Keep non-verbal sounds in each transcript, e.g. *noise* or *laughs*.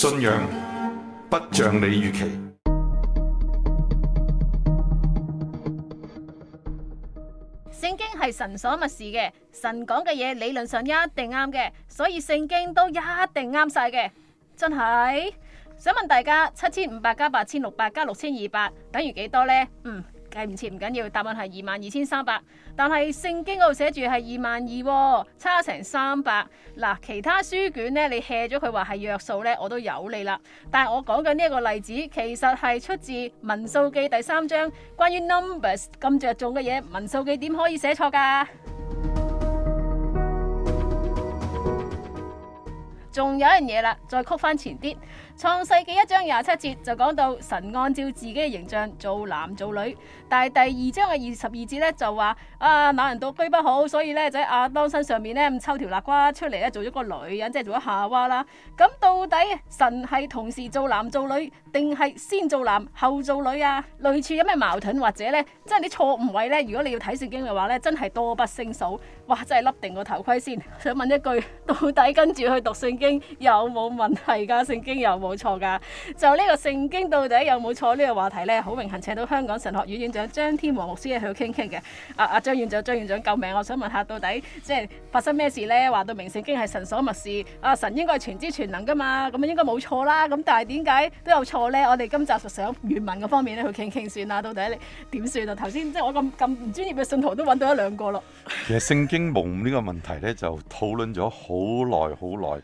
信仰不像你預期。聖經係神所默示嘅，神講嘅嘢理論上一定啱嘅，所以聖經都一定啱晒嘅，真係。想問大家，七千五百加八千六百加六千二百等於幾多呢？嗯。計唔切唔緊要，答案係二萬二千三百，但係聖經嗰度寫住係二萬二，差成三百。嗱，其他書卷呢，你 hea 咗佢話係約數呢，我都有你啦。但係我講緊呢一個例子，其實係出自民數記第三章，關於 Numbers 咁著重嘅嘢，民數記點可以寫錯噶？仲 *music* 有一樣嘢啦，再曲翻前啲。創世紀一章廿七節就講到神按照自己嘅形象做男做女，但係第二章嘅二十二節咧就話啊那人獨居不好，所以咧就喺亞當身上面咧唔抽條肋瓜出嚟咧做咗個女人，即係做咗夏娃啦。咁到底神係同時做男做女，定係先做男後做女啊？類似有咩矛盾或者咧，即係啲錯誤位咧？如果你要睇聖經嘅話咧，真係多不勝數。哇，真係笠定個頭盔先。想問一句，到底跟住去讀聖經有冇問題噶？聖經有冇？冇錯噶，就呢個聖經到底有冇錯呢個話題呢，好榮幸請到香港神學院院長張天和牧師去傾傾嘅。阿阿張院長，張院長救命！我想問下，到底即係發生咩事呢？話到明聖經係神所默示，啊神應該係全知全能噶嘛，咁應該冇錯啦。咁但係點解都有錯呢？我哋今集就想原文嗰方面去傾傾，算啦。到底你點算啊？頭先即係我咁咁唔專業嘅信徒都揾到一兩個咯。其實聖經無誤呢個問題呢，就討論咗好耐好耐。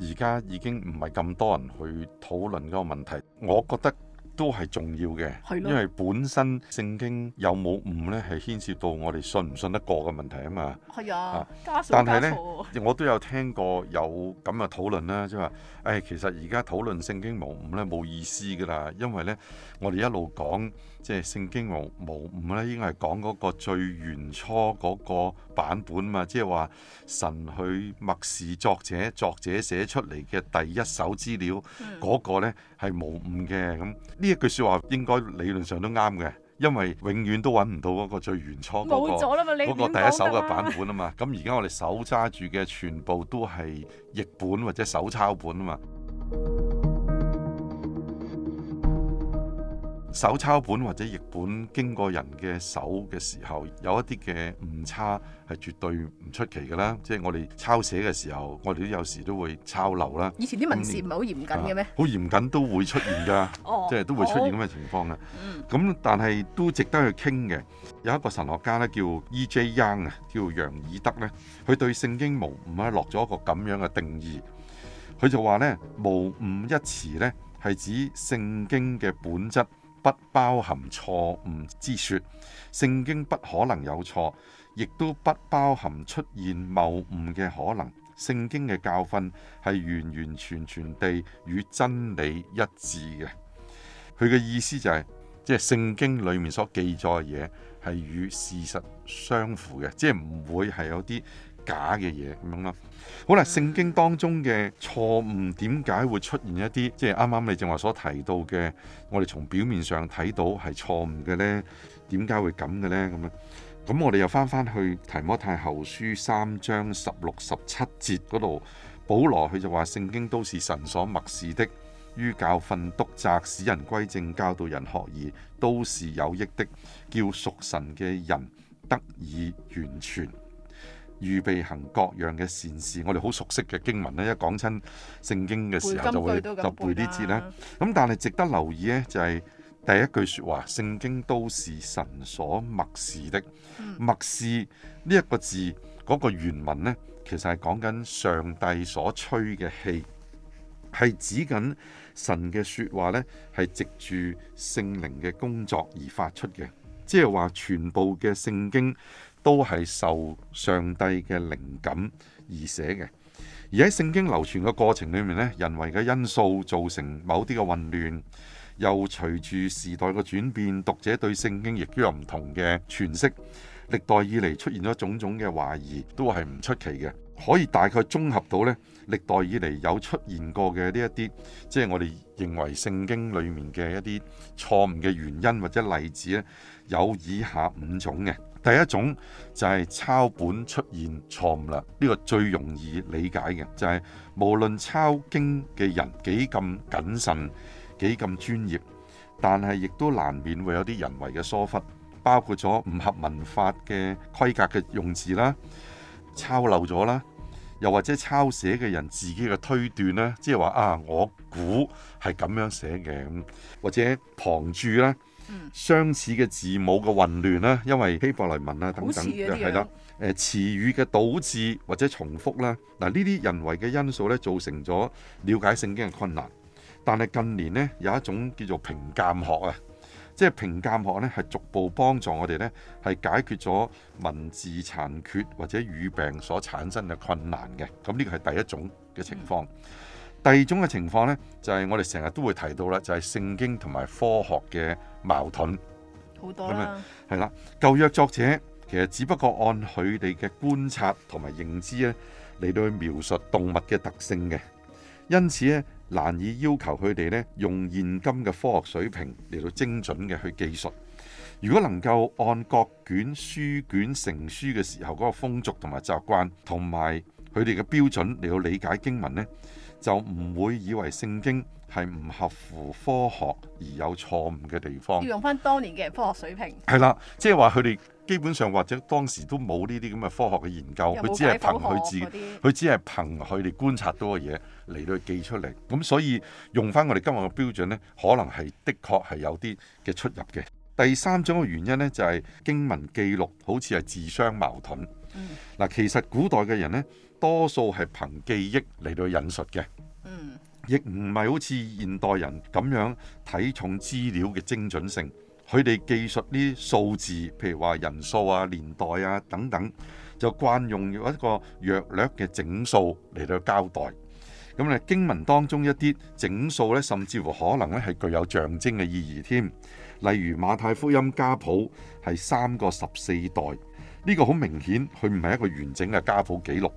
而家已經唔係咁多人去討論嗰個問題，我覺得都係重要嘅，因為本身聖經有冇誤咧，係牽涉到我哋信唔信得過嘅問題啊嘛。係啊，家家但係呢，我都有聽過有咁嘅討論啦，即係話，誒、哎，其實而家討論聖經無誤呢，冇意思㗎啦，因為呢，我哋一路講。即係聖經無無誤咧，應該係講嗰個最原初嗰個版本嘛，即係話神去默示作者，作者寫出嚟嘅第一手資料嗰、嗯嗰個咧係無誤嘅。咁呢一句説話應該理論上都啱嘅，因為永遠都揾唔到嗰個最原初嗰、嗰個嗰個第一手嘅版本啊嘛。咁而家我哋手揸住嘅全部都係譯本或者手抄本啊嘛。手抄本或者譯本經過人嘅手嘅時候，有一啲嘅誤差係絕對唔出奇噶啦。即係我哋抄寫嘅時候，我哋都有時都會抄漏啦。以前啲文字唔係好嚴謹嘅咩？好嚴謹都會出現噶、 *laughs* 哦，即係都會出現咁嘅情況嘅。咁、哦嗯、但係都值得去傾嘅。有一個神學家咧叫 E. J. Young 啊，叫楊以德咧，佢對聖經無誤咧落咗一個咁樣嘅定義。佢就話咧無誤一詞咧係指聖經嘅本質。不包含錯誤之説，聖經不可能有錯，亦都不包含出現謬誤嘅可能。聖經嘅教訓係完完全全地與真理一致嘅。佢嘅意思就係，即係聖經裡面所記載嘅嘢係與事實相符嘅，即係唔會係有啲假嘅嘢咁樣啦，好啦，聖經當中嘅錯誤點解會出現一啲，即係啱啱你正話所提到嘅，我哋從表面上睇到係錯誤嘅呢？點解會咁嘅呢？咁樣，咁我哋又翻翻去提摩太後書三章十六十七節嗰度，保羅佢就話聖經都是神所默示的，於教訓、督責、使人歸正、教導人學義，而都是有益的，叫屬神嘅人得以完全。預備行各樣嘅善事，我哋好熟悉嘅經文咧。一講親聖經嘅時候，就會就背呢節啦。咁但係值得留意呢，就係第一句說話，聖經都是神所默示的。默示呢一個字，嗰個原文呢，其實係講緊上帝所吹嘅氣，係指緊神嘅說話呢，係藉住聖靈嘅工作而發出嘅。即係話全部嘅聖經，都係受上帝嘅靈感而寫嘅。而喺聖經流傳嘅過程裏面呢，人為嘅因素造成某啲嘅混亂，又隨住時代嘅轉變，讀者對聖經亦都有唔同嘅詮釋。歷代以嚟出現咗種種嘅懷疑，都係唔出奇嘅。可以大概綜合到呢，歷代以嚟有出現過嘅呢一啲，即係我哋認為聖經裏面嘅一啲錯誤嘅原因或者例子呢，有以下五種嘅。第一種就係抄本出現錯誤啦，呢個最容易理解嘅就係無論抄經嘅人幾咁謹慎、幾咁專業，但係亦都難免會有啲人為嘅疏忽，包括咗唔合文法嘅規格嘅用字啦、抄漏咗啦，又或者抄寫嘅人自己嘅推斷啦，即係話啊，我估係咁樣寫嘅，或者旁注啦。嗯、相似嘅字母嘅混亂啦、嗯，因為希伯來文啦等等係啦。誒，詞語嘅倒置或者重複啦，嗱，呢啲人為嘅因素咧，造成咗了，了解聖經嘅困難。但係近年咧有一種叫做評鑑學啊，即係評鑑學咧係逐步幫助我哋咧係解決咗文字殘缺或者語病所產生嘅困難嘅。咁呢個係第一種嘅情況、嗯。第二種嘅情況咧就係我哋成日都會提到啦，就係聖經同埋科學嘅。矛盾好多啦，係啦，舊約作者其實只不過按佢哋嘅觀察同埋認知咧嚟到去描述動物嘅特性嘅，因此咧難以要求佢哋咧用現今嘅科學水平嚟到精準嘅去記述。如果能夠按各卷書卷成書嘅時候嗰個風俗同埋習慣同埋佢哋嘅標準嚟到理解經文呢，就唔會以為聖經係唔合乎科學而有錯誤嘅地方。要用翻當年嘅科學水平。係啦，即係話佢哋基本上或者當時都冇呢啲咁嘅科學嘅研究，佢只係憑佢自，佢只係憑佢哋觀察到嘅嘢嚟到去記出嚟。咁所以用翻我哋今日嘅標準呢，可能係的確係有啲嘅出入嘅。第三種嘅原因呢，就係、是、經文記錄好似係自相矛盾。嗱、嗯，其實古代嘅人呢，多數係憑記憶嚟到引述嘅，亦唔係好似現代人咁樣睇重資料嘅精準性。佢哋記述呢數字，譬如話人數啊、年代啊等等，就慣用一個約略嘅整數嚟到交代。咁咧經文當中一啲整數咧，甚至乎可能咧係具有象徵嘅意義添。例如馬太福音家譜係三個十四代，呢個好明顯佢唔係一個完整嘅家譜記錄。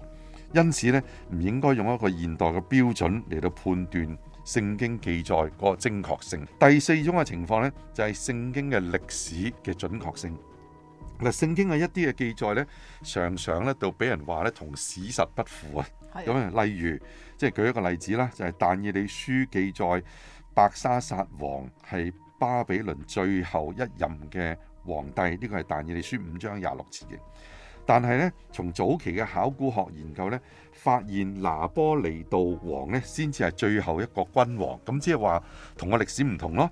因此咧，唔應該用一個現代嘅標準嚟到判斷聖經記載個精確性。第四種嘅情況咧，就係聖經嘅歷史嘅準確性。嗱，聖經嘅一啲嘅記載咧，常常咧就俾人話咧同史實不符啊。咁例如即係舉一個例子啦，就係但以理書記載伯沙撒王係巴比倫最後一任嘅皇帝，呢個係但以理書五章廿六節嘅。但係咧，從早期嘅考古學研究咧，發現拿波尼道王咧先至係最後一個君王，咁即係話同個歷史唔同咯。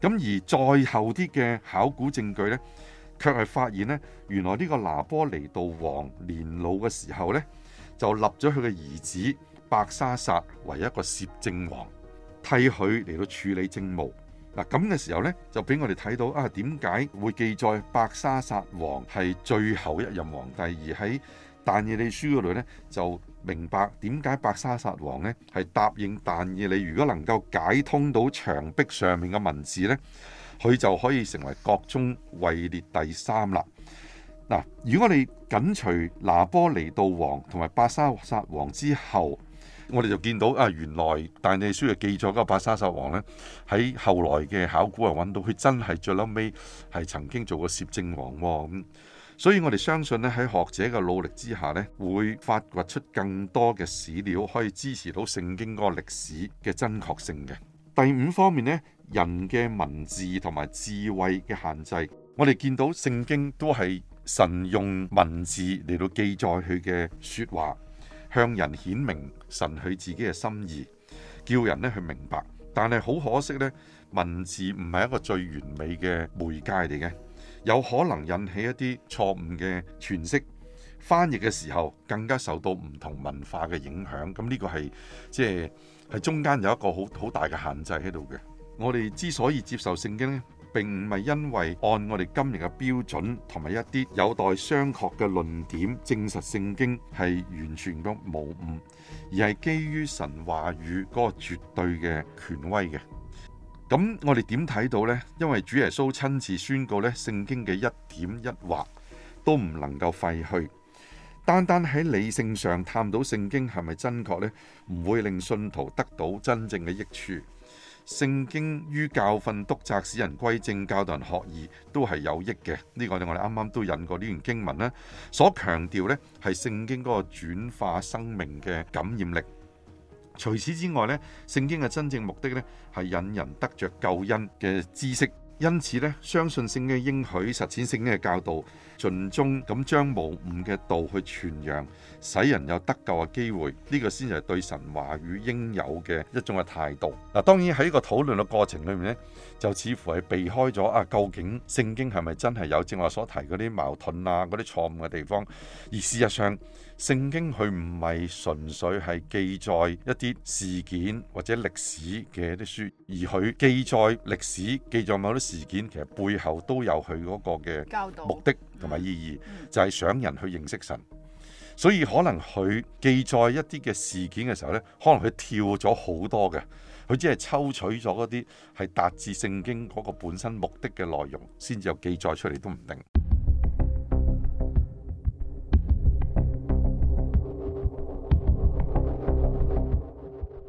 咁而再後啲嘅考古證據咧，卻係發現咧，原來呢個拿波尼道王年老嘅時候咧，就立咗佢嘅兒子白沙薩為一個攝政王，替佢嚟到處理政務。嗱咁嘅時候呢，就俾我哋睇到啊，點解會記載伯沙撒王係最後一任皇帝？而喺《但以理書》嗰度呢，就明白點解伯沙撒王咧係答應但以理，如果能夠解通到牆壁上面嘅文字呢，佢就可以成為國中位列第三啦。嗱，如果你緊隨拿波尼道王同埋伯沙撒王之後。我哋就見到啊，原來但以理書記載嗰個伯沙撒王呢，喺後來嘅考古係揾到佢真係最後尾係曾經做過攝政王喎，咁，所以我哋相信呢，喺學者嘅努力之下呢，會發掘出更多嘅史料可以支持到聖經嗰個歷史嘅真確性嘅。第五方面呢，人嘅文字同埋智慧嘅限制，我哋見到聖經都係神用文字嚟到記載佢嘅説話。向人顯明神佢自己嘅心意，叫人咧去明白。但係好可惜咧，文字唔係一個最完美嘅媒介嚟嘅，有可能引起一啲錯誤嘅詮釋。翻譯嘅時候更加受到唔同文化嘅影響。咁呢個係即係喺中間有一個好好大嘅限制喺度嘅。我哋之所以接受聖經咧。並唔係因為按我哋今日嘅標準，同埋一啲有待商榷嘅論點證實聖經係完全都無誤，而係基於神話語嗰個絕對嘅權威嘅。咁我哋點睇到呢？因為主耶穌親自宣告咧，聖經嘅一點一畫都唔能夠廢去。單單喺理性上探討聖經係咪真確呢？唔會令信徒得到真正嘅益處。聖經於教訓、督責、使人歸正、教導人學義，都係有益嘅。呢、這個我哋啱啱都引過呢段經文啦，所強調呢係聖經嗰個轉化生命嘅感染力。除此之外呢，聖經嘅真正目的呢係引人得着救恩嘅知識。因此呢，相信聖經應許、實踐聖經嘅教導。盡忠咁將無誤嘅道去傳揚，使人有得救嘅機會，呢個先係對神話語應有嘅一種嘅態度。嗱，當然喺個討論嘅過程裏面，呢就似乎係避開咗啊，究竟聖經係咪真係有正話所提嗰啲矛盾啊，嗰啲錯誤嘅地方？而事實上，聖經佢唔係純粹係記載一啲事件或者歷史嘅一啲書，而佢記載歷史、記載某啲事件，其實背後都有佢嗰個嘅目的。同埋意義就係想人去認識神，所以可能佢記載一啲嘅事件嘅時候呢，可能佢跳咗好多嘅，佢只係抽取咗嗰啲係達至聖經嗰個本身目的嘅內容，先至有記載出嚟都唔定。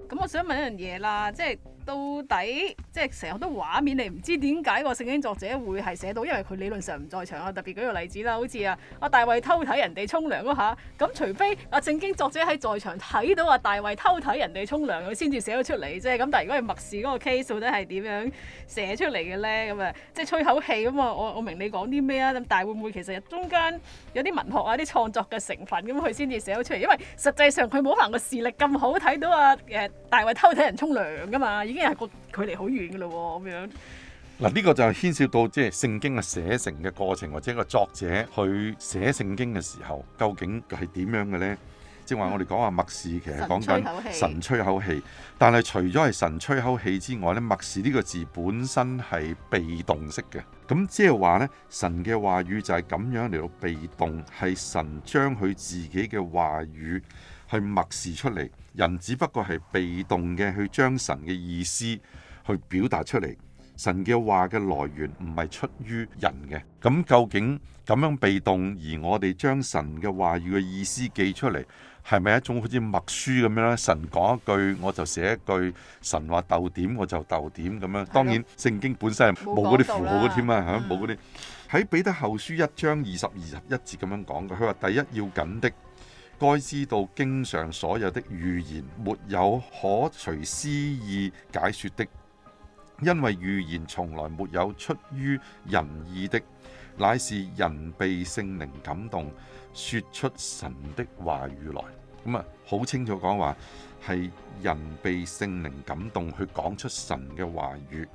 咁我想問一樣嘢啦，即係。到底即係成日好多畫面你唔知點解個聖經作者會係寫到，因為佢理論上唔在場啊。特別舉個例子啦，好似啊，阿大衛偷睇人哋沖涼嗰下，咁除非阿聖經作者喺在，在場睇到啊，大衛偷睇人哋沖涼，佢先至寫到出嚟啫。咁但係如果係默示嗰個 case 到底係點樣寫出嚟嘅咧？咁啊，即係吹口氣咁啊！我我明你講啲咩啊？咁但係會唔會其實中間有啲文學啊、啲創作嘅成分咁佢先至寫到出嚟？因為實際上佢冇可能個視力咁好睇到啊，誒大衛偷睇人沖涼噶嘛。已係個距離好遠噶咯，咁樣嗱，呢個就牽涉到即係聖經嘅寫成嘅過程，或者個作者去寫聖經嘅時候，究竟係點樣嘅呢？嗯、即係話我哋講啊，默示其實講緊神吹口氣，但係除咗係神吹口氣之外呢，默示呢個字本身係被動式嘅，咁即係話呢，神嘅話語就係咁樣嚟到被動，係神將佢自己嘅話語。去默示出嚟，人只不過係被動嘅去將神嘅意思去表達出嚟。神嘅話嘅來源唔係出於人嘅。咁究竟咁樣被動，而我哋將神嘅話語嘅意思記出嚟，係咪一種好似默書咁樣咧？神講一句，我就寫一句。神話逗點，我就逗點咁樣。當然，聖經本身係冇嗰啲符號嘅添啊，吓冇嗰啲。喺彼得後書一章二十二十一節咁樣講嘅，佢話第一要緊的，該知道，經上所有的預言沒有可隨私意解說的，因為預言從來沒有出於人意的，乃是人被聖靈感動，說出神的話語來。咁啊，好清楚講話係人被聖靈感動去講出神嘅話語。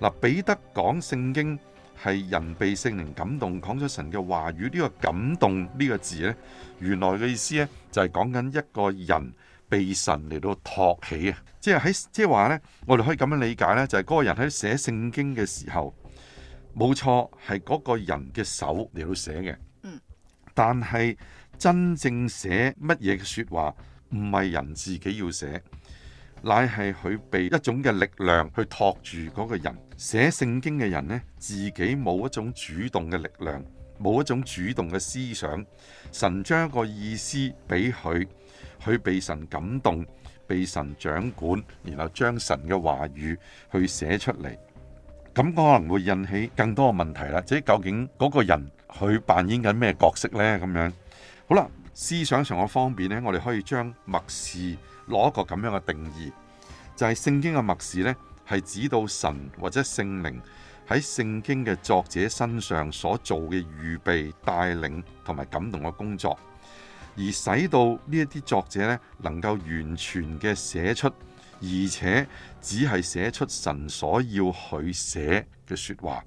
嗱，彼得講聖經。係人被聖靈感動講咗神嘅話語呢、呢個感動呢、呢個字呢，原來嘅意思呢，就係講緊一個人被神嚟到托起啊！即係喺即係話呢，我哋可以咁樣理解呢，就係、是、嗰個人喺寫聖經嘅時候，冇錯係嗰個人嘅手嚟到寫嘅。但係真正寫乜嘢嘅說話，唔係人自己要寫。乃係佢被一種嘅力量去托住嗰個人，寫聖經嘅人呢，自己冇一種主動嘅力量，冇一種主動嘅思想，神將一個意思俾佢，佢被神感動，被神掌管，然後將神嘅話語去寫出嚟，咁可能會引起更多嘅問題啦。即究竟嗰個人佢扮演緊咩角色呢？咁樣好啦，思想上嘅方面呢，我哋可以將默示。攞一個咁樣嘅定義，就係聖經嘅默示呢，係指導神或者聖靈喺聖經嘅作者身上所做嘅預備、帶領同埋感動嘅工作，而使到呢一啲作者呢能夠完全嘅寫出，而且只係寫出神所要佢寫嘅說話。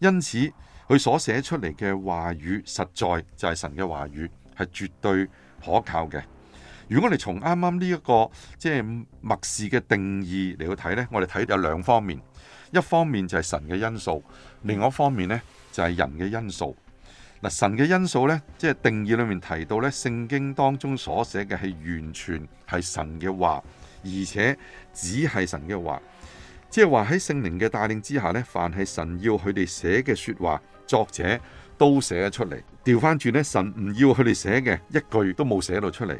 因此，佢所寫出嚟嘅話語，實在就係神嘅話語，係絕對可靠嘅。如果你從啱啱呢一個即係、就是、默示嘅定義嚟去睇呢，我哋睇有兩方面，一方面就係神嘅因素，另外一方面呢，就係人嘅因素。嗱，神嘅因素呢，即、就、係、是、定義裏面提到呢，聖經當中所寫嘅係完全係神嘅話，而且只係神嘅話。即係話喺聖靈嘅帶領之下呢，凡係神要佢哋寫嘅說話，作者都寫得出嚟。調翻轉呢，神唔要佢哋寫嘅一句都冇寫到出嚟。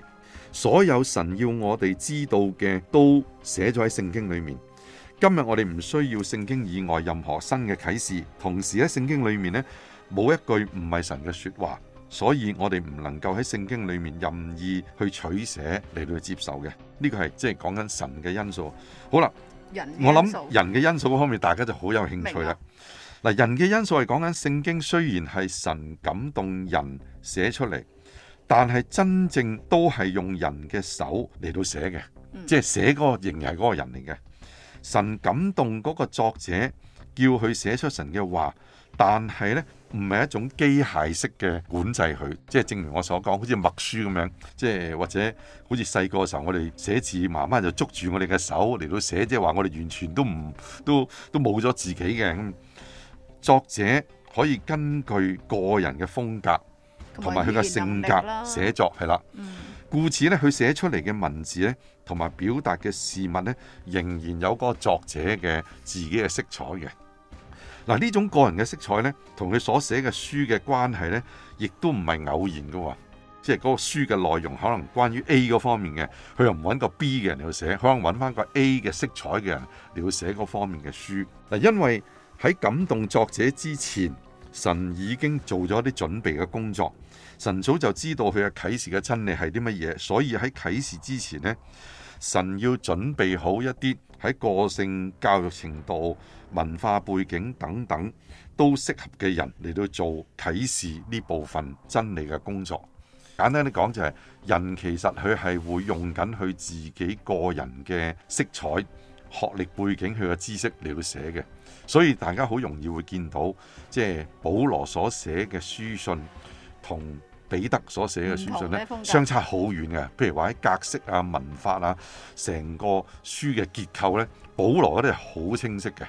所有神要我哋知道嘅都寫咗喺聖經裏面。今日我哋唔需要聖經以外任何新嘅啟示。同時喺聖經裏面呢，冇一句唔係神嘅說話，所以我哋唔能夠喺聖經裏面任意去取捨嚟到接受嘅。呢個係即係講緊神嘅因素。好啦，我諗人嘅因素方面，大家就好有興趣啦。嗱，人嘅因素係講緊聖經，雖然係神感動人寫出嚟。但係真正都係用人嘅手嚟到寫嘅，即係寫嗰個仍然係嗰個人嚟嘅。神感動嗰個作者，叫佢寫出神嘅話。但係呢，唔係一種機械式嘅管制佢。即係正如我所講，好似默書咁樣，即係或者好似細個嘅時候，我哋寫字，媽媽就捉住我哋嘅手嚟到寫，即係話我哋完全都唔都都冇咗自己嘅。作者可以根據個人嘅風格，同埋佢嘅性格、寫作係啦，嗯、故此咧，佢寫出嚟嘅文字咧，同埋表達嘅事物咧，仍然有個作者嘅自己嘅色彩嘅。嗱，呢種個人嘅色彩咧，同佢所寫嘅書嘅關係咧，亦都唔係偶然嘅。即係嗰個書嘅內容可能關於 A 嗰方面嘅，佢又唔搵個 B 嘅人嚟寫，可能搵返個 A 嘅色彩嘅人嚟去寫嗰方面嘅書。嗱，因為喺感動作者之前，神已經做咗啲準備嘅工作。神早就知道佢嘅啟示嘅真理係啲乜嘢，所以喺啟示之前呢，神要準備好一啲喺個性、教育程度、文化背景等等都適合嘅人嚟到做啟示呢部分真理嘅工作。簡單啲講，就係人其實，佢係會用緊佢自己個人嘅色彩、學歷背景、佢嘅知識嚟到寫嘅，所以大家好容易會見到，即係保羅所寫嘅書信同彼得所寫嘅書信咧，相差好遠嘅。譬如話喺格式啊、文法啊、成個書嘅結構咧，保羅嗰啲係好清晰嘅。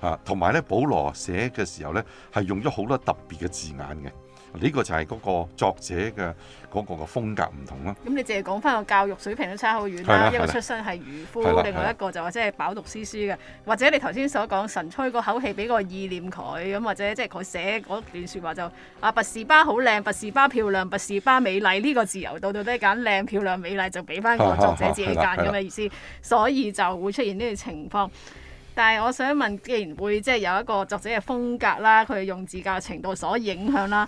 啊，同埋咧，保羅寫嘅時候咧，係用咗好多特別嘅字眼嘅。呢、這個就係嗰個作者嘅嗰個嘅風格唔同啦、啊。咁你淨係講翻個教育水平都差好遠啦。一個出身係漁夫是，另外一個就話即係飽讀詩書嘅，或者你頭先所講神吹個口氣俾個意念佢咁，或者即係佢寫嗰段說話就啊，拔士巴好靚，拔士巴漂亮，拔士巴美麗呢、這個自由度，到底係揀靚、漂亮、美麗，就俾翻個作者自己揀咁嘅意思。所以就會出現呢個情況。但係我想問，既然會即係有一個作者嘅風格啦，佢用字教程度所影響啦。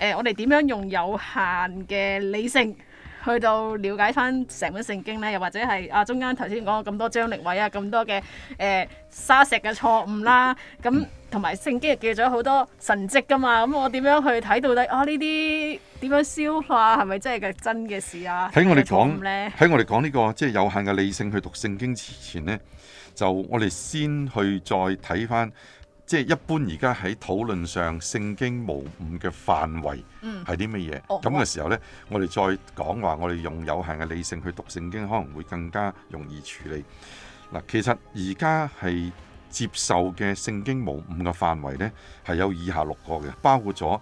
誒、呃，我哋點樣用有限嘅理性去到了解翻成本聖經呢？又或者係啊，中間頭先講咁多張力位啊，咁多嘅誒、呃、沙石嘅錯誤啦，咁同埋聖經又記咗好多神蹟噶嘛？咁我點樣去睇到底啊？呢啲點樣消化係咪真係嘅真嘅事啊？喺我哋講咧，喺我哋講呢、呢個即係、就是、有限嘅理性去讀聖經之前呢，就我哋先去再睇翻。即係一般而家喺討論上聖經無誤嘅範圍，係啲乜嘢？咁、哦、嘅時候呢，我哋再講話，我哋用有限嘅理性去讀聖經可能會更加容易處理。嗱，其實而家係接受嘅聖經無誤嘅範圍呢，係有以下六個嘅，包括咗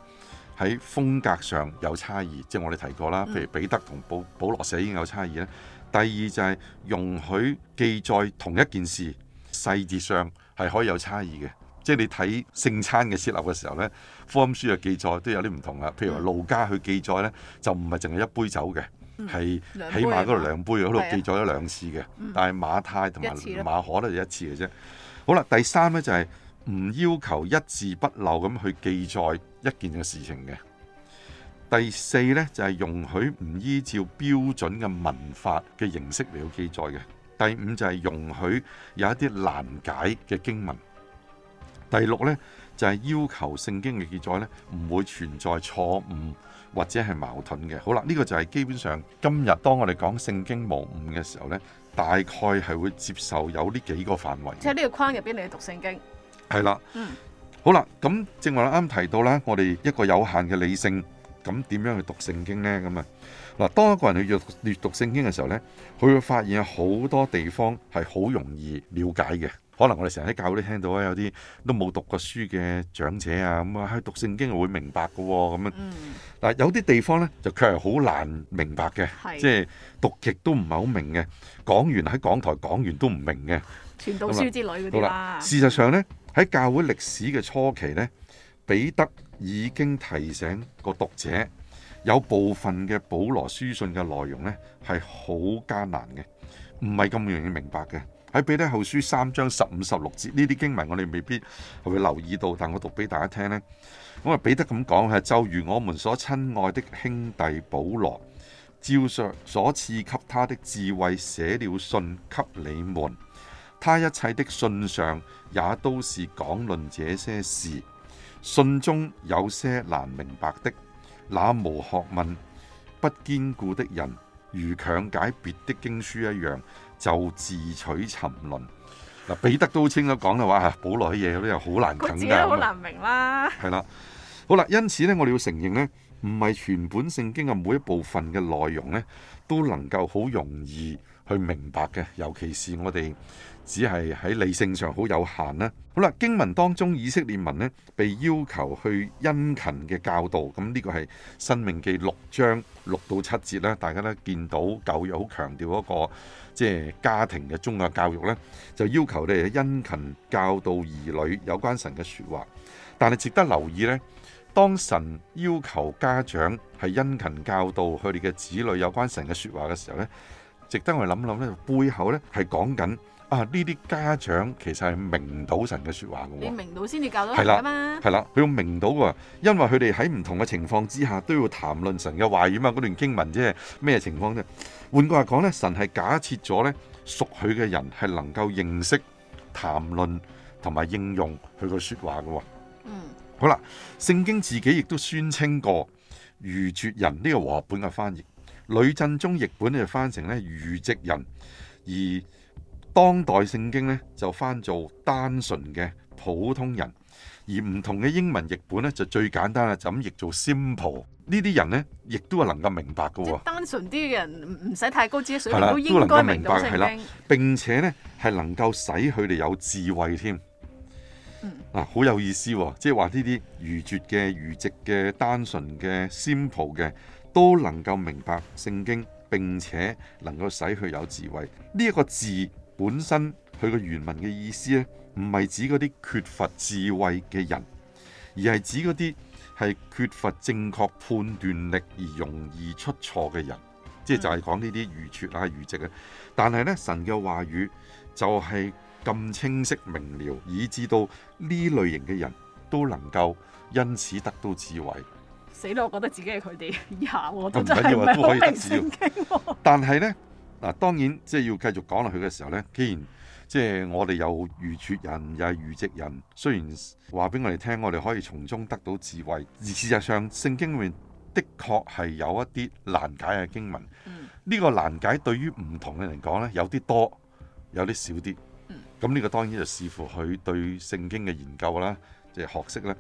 喺風格上有差異，即係我哋提過啦，譬如彼得同保保羅寫已經有差異啦。第二就係容許記載同一件事細節上係可以有差異嘅。即係你睇聖餐嘅設立嘅時候咧，福音書嘅記載都有啲唔同啊。譬如話路加去記載咧，就唔係淨係一杯酒嘅，係起碼嗰度兩杯，嗰度記載咗兩次嘅。但係馬太同埋馬可咧就一次嘅啫。好啦，第三咧就係唔要求一字不漏咁去記載一件嘅事情嘅。第四咧就係容許唔依照標準嘅文法嘅形式嚟到記載嘅。第五就係容許有一啲難解嘅經文。第六咧就係要求聖經嘅記載咧唔會存在錯誤或者係矛盾嘅。好啦，呢個就係基本上今日當我哋講聖經無誤嘅時候咧，大概係會接受有呢幾個範圍。即係呢個框入邊，你去讀聖經係啦。嗯，嗯，好啦，咁正如我啱啱提到啦，我哋一個有限嘅理性，咁點樣去讀聖經咧？咁啊，嗱，當一個人去閱閱讀聖經嘅時候咧，佢會發現好多地方係好容易了解嘅。可能我哋成日喺教會都聽到啊，有啲都冇讀過書嘅長者啊，咁啊喺讀聖經會明白嘅喎，咁樣。但有啲地方呢，就卻係好難明白嘅，即係、就是、讀極都唔係好明嘅。講完喺講台講完都唔明嘅。傳道書之類嗰啲啦。事實上呢，喺教會歷史嘅初期呢，彼得已經提醒個讀者，有部分嘅保羅書信嘅內容呢係好艱難嘅，唔係咁容易明白嘅。喺彼得後書三章十五十六節呢啲經文，我哋未必會留意到，但我讀俾大家聽呢，咁啊，彼得咁講係：就如我們所親愛的兄弟保羅，照着所賜給他的智慧寫了信給你們，他一切的信上也都是講論這些事。信中有些難明白的，那無學問、不堅固的人，如強解別的經書一樣。就自取沉淪。嗱，彼得都好清楚講嘅話保羅啲嘢嗰啲又好難啃㗎。好難明啦。係啦，好啦，因此咧，我哋要承認咧，唔係全本聖經嘅每一部分嘅內容咧，都能夠好容易去明白嘅，尤其是我哋。只係喺理性上好有限啦、啊。好啦，經文當中以色列文咧，被要求去殷勤嘅教導，咁呢個係申命記六章六到七節啦、啊。大家咧見到舊約好強調一個即係家庭嘅宗教教育呢，就要求你殷勤教導兒女有關神嘅説話。但係值得留意呢，當神要求家長係殷勤教導佢哋嘅子女有關神嘅説話嘅時候呢，值得我哋諗諗咧，背後呢係講緊。啊！呢啲家長其實係明到神嘅説話嘅喎、啊，你明到先至教到係啦、啊，係啦，佢要明到喎，因為佢哋喺唔同嘅情況之下都要談論神嘅話語嘛。嗰段經文即係咩情況啫？換句話講咧，神係假設咗咧，屬佢嘅人係能夠認識、談論同埋應用佢嘅説話嘅喎、啊。嗯，好啦，聖經自己亦都宣稱過預絕人呢、呢個和合本嘅翻譯，呂振中譯本咧翻成咧預藉人而。當代聖經咧就翻做單純嘅普通人，而唔同嘅英文譯本咧就最簡單啦，就咁譯做 simple。呢啲人咧亦都係能夠明白嘅喎。即係單純啲嘅人唔使太高知識水平都應該明白聖經。並且咧係能夠使佢哋有智慧添。嗱、嗯，好、啊、有意思喎、哦，即係話呢啲愚拙嘅、愚直嘅、單純嘅、simple 嘅，都能夠明白聖經，並且能夠使佢有智慧。呢、這、一個字。本身佢個原文嘅意思咧，唔係指嗰啲缺乏智慧嘅人，而係指嗰啲係缺乏正確判斷力而容易出錯嘅人，即係就係講呢啲愚拙啊，愚直啊。但係咧，神嘅話語就係咁清晰明瞭，以致到呢類型嘅人都能夠因此得到智慧。死啦！我覺得自己係佢哋，廿我都係咪、啊啊、可以得聖經？但係咧。嗱，當然即係要繼續講落去嘅時候呢，既然即係我哋有預説人，又係預藉人，雖然話俾我哋聽，我哋可以從中得到智慧，而事實上聖經裏面的確係有一啲難解嘅經文。呢、嗯呢個難解對於唔同嘅人講呢，有啲多，有啲少啲。咁呢個當然就視乎佢對聖經嘅研究啦，即係學識啦。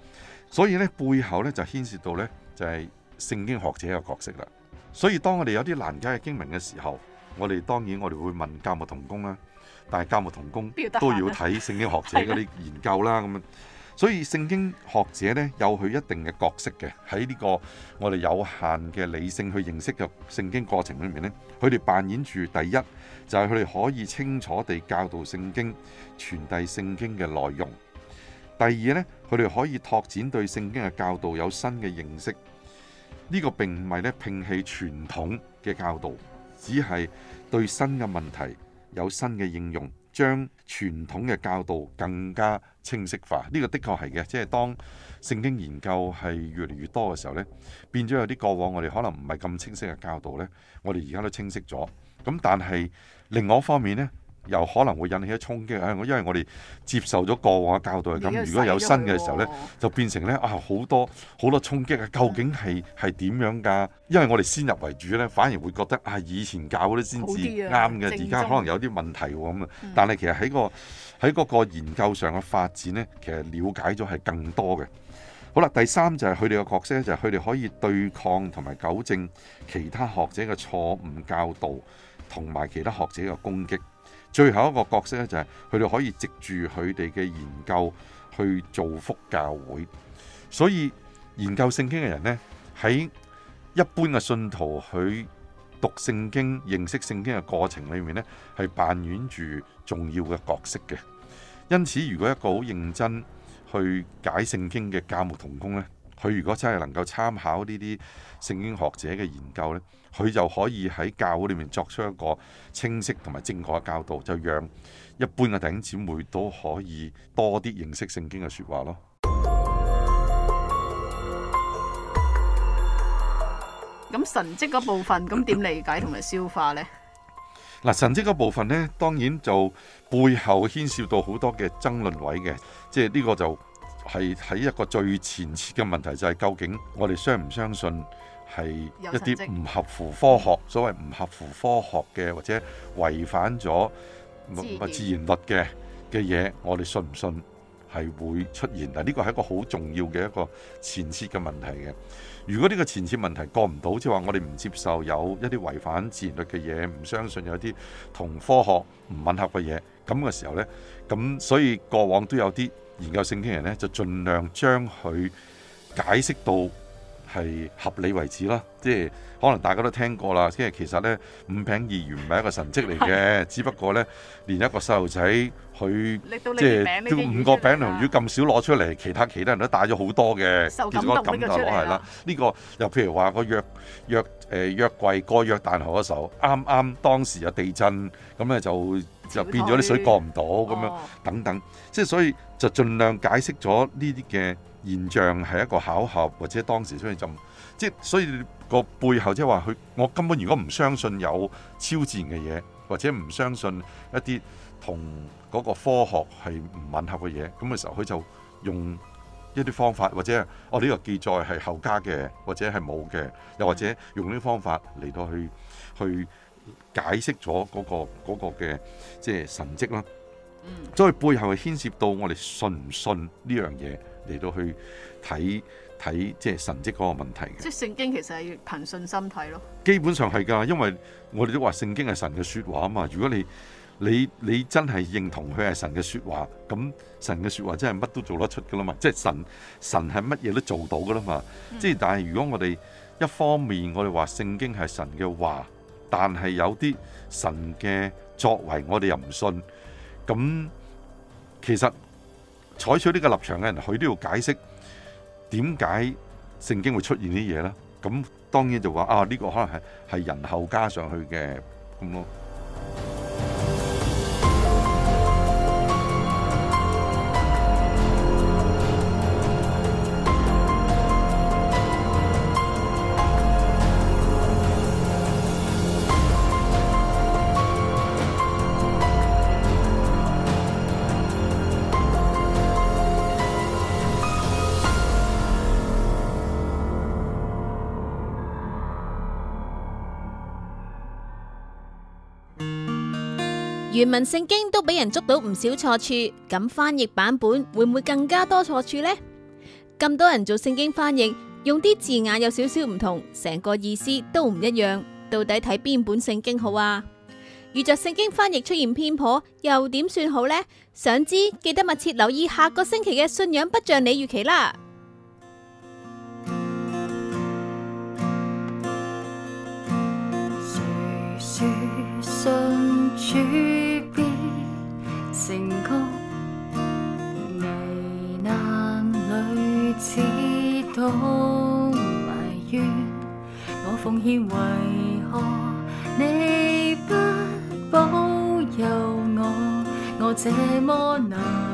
所以呢，背後呢就牽涉到呢，就係聖經學者嘅角色啦。所以當我哋有啲難解嘅經文嘅時候，我哋當然，我哋會問教牧同工啦，但係教牧同工都要睇聖經學者嗰啲研究啦。咁啊，所以聖經學者呢，有佢一定嘅角色嘅。喺呢個我哋有限嘅理性去認識嘅聖經過程裏面呢，佢哋扮演住第一就係佢哋可以清楚地教導聖經、傳遞聖經嘅內容。第二呢，佢哋可以拓展對聖經嘅教導有新嘅認識。呢個並唔係咧摒棄傳統嘅教導。只係對新嘅問題有新嘅應用，將傳統嘅教導更加清晰化。呢個的確係嘅，即係當聖經研究係越嚟越多嘅時候呢，變咗有啲過往我哋可能唔係咁清晰嘅教導呢，我哋而家都清晰咗。咁但係另外一方面呢，又可能會引起衝擊啊！我因為我哋接受咗過往嘅教導，咁如果有新嘅時候呢，就變成呢啊好多好多衝擊啊！究竟係係點樣㗎？因為我哋先入為主咧，反而會覺得啊以前教嗰啲先至啱嘅，而家可能有啲問題喎咁啊！但係其實喺個喺嗰個研究上嘅發展呢，其實了解咗係更多嘅。好啦，第三就係佢哋嘅角色就係佢哋可以對抗同埋糾正其他學者嘅錯誤教導同埋其他學者嘅攻擊。最後一個角色咧，就係佢哋可以藉住佢哋嘅研究去造福教會，所以研究聖經嘅人呢，喺一般嘅信徒去讀聖經、認識聖經嘅過程裏面呢，係扮演住重要嘅角色嘅。因此，如果一個好認真去解聖經嘅教牧同工呢。佢如果真係能夠參考呢啲聖經學者嘅研究呢，佢就可以喺教會裏面作出一個清晰同埋正確嘅教導，就讓一般嘅弟兄姊妹都可以多啲認識聖經嘅説話咯。咁神蹟嗰部分，咁點理解同埋消化呢？嗱，神蹟嗰部分呢，當然就背後牽涉到好多嘅爭論位嘅，即係呢個就。係喺一個最前設嘅問題，就係究竟我哋相唔相信係一啲唔合乎科學、所謂唔合乎科學嘅或者違反咗自然律嘅嘅嘢，我哋信唔信係會出現？嗱，呢個係一個好重要嘅一個前設嘅問題嘅。如果呢個前設問題過唔到，即係話我哋唔接受有一啲違反自然律嘅嘢，唔相信有啲同科學唔吻合嘅嘢，咁嘅時候呢，咁所以過往都有啲。研究聖經人咧，就盡量將佢解釋到係合理為止啦。即係可能大家都聽過啦，即係其實咧五餅二魚唔係一個神蹟嚟嘅， *laughs* 只不過咧連一個細路仔佢即係五個餅同魚咁少攞出嚟，其他其他人都帶咗好多嘅，結果咁就攞係啦。呢、這個這個又譬如話個約約誒約櫃過約旦河嗰時候，啱啱當時又地震咁咧就。就變咗啲水過唔到咁樣等等，即係所以就盡量解釋咗呢啲嘅現象係一個巧合，或者當時出現浸，即係所以個背後即係話佢，我根本如果唔相信有超自然嘅嘢，或者唔相信一啲同嗰個科學係唔吻合嘅嘢，咁嘅時候佢就用一啲方法，或者哦呢個記載係後加嘅，或者係冇嘅，又或者用呢啲方法嚟到去去。解釋咗嗰個嗰個嘅即係神蹟啦，嗯，所以背後係牽涉到我哋信唔信呢樣嘢嚟到去睇睇即係神蹟嗰個問題嘅。即係聖經其實係憑信心睇咯，基本上係噶，因為我哋都話聖經係神嘅說話啊嘛。如果你你你真係認同佢係神嘅說話，咁神嘅說話真係乜都做得出噶啦嘛。即係神神係乜嘢都做到噶啦嘛。即係但係如果我哋一方面我哋話聖經係神嘅話。但係有啲神嘅作為，我哋又唔信。咁其實採取呢個立場嘅人，佢都要解釋點解聖經會出現啲嘢啦。咁當然就話啊，呢個可能係係人後加上去嘅咁咯。原文聖經都俾人捉到唔少錯處，咁翻譯版本會唔會更加多錯處呢？咁多人做聖經翻譯，用啲字眼有少少唔同，成個意思都唔一樣。到底睇邊本聖經好啊？遇着聖經翻譯出現偏頗，又點算好呢？想知記得密切留意下個星期嘅信仰不像你預期啦。埋怨我奉獻，為何你不保佑我？我這麼難。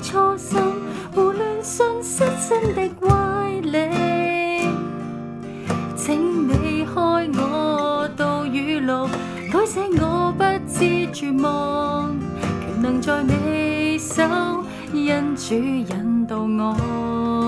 初心，胡亂信失真的歪理，請你開我道語錄，改寫我不知絕望，權能在你手，因主引導我。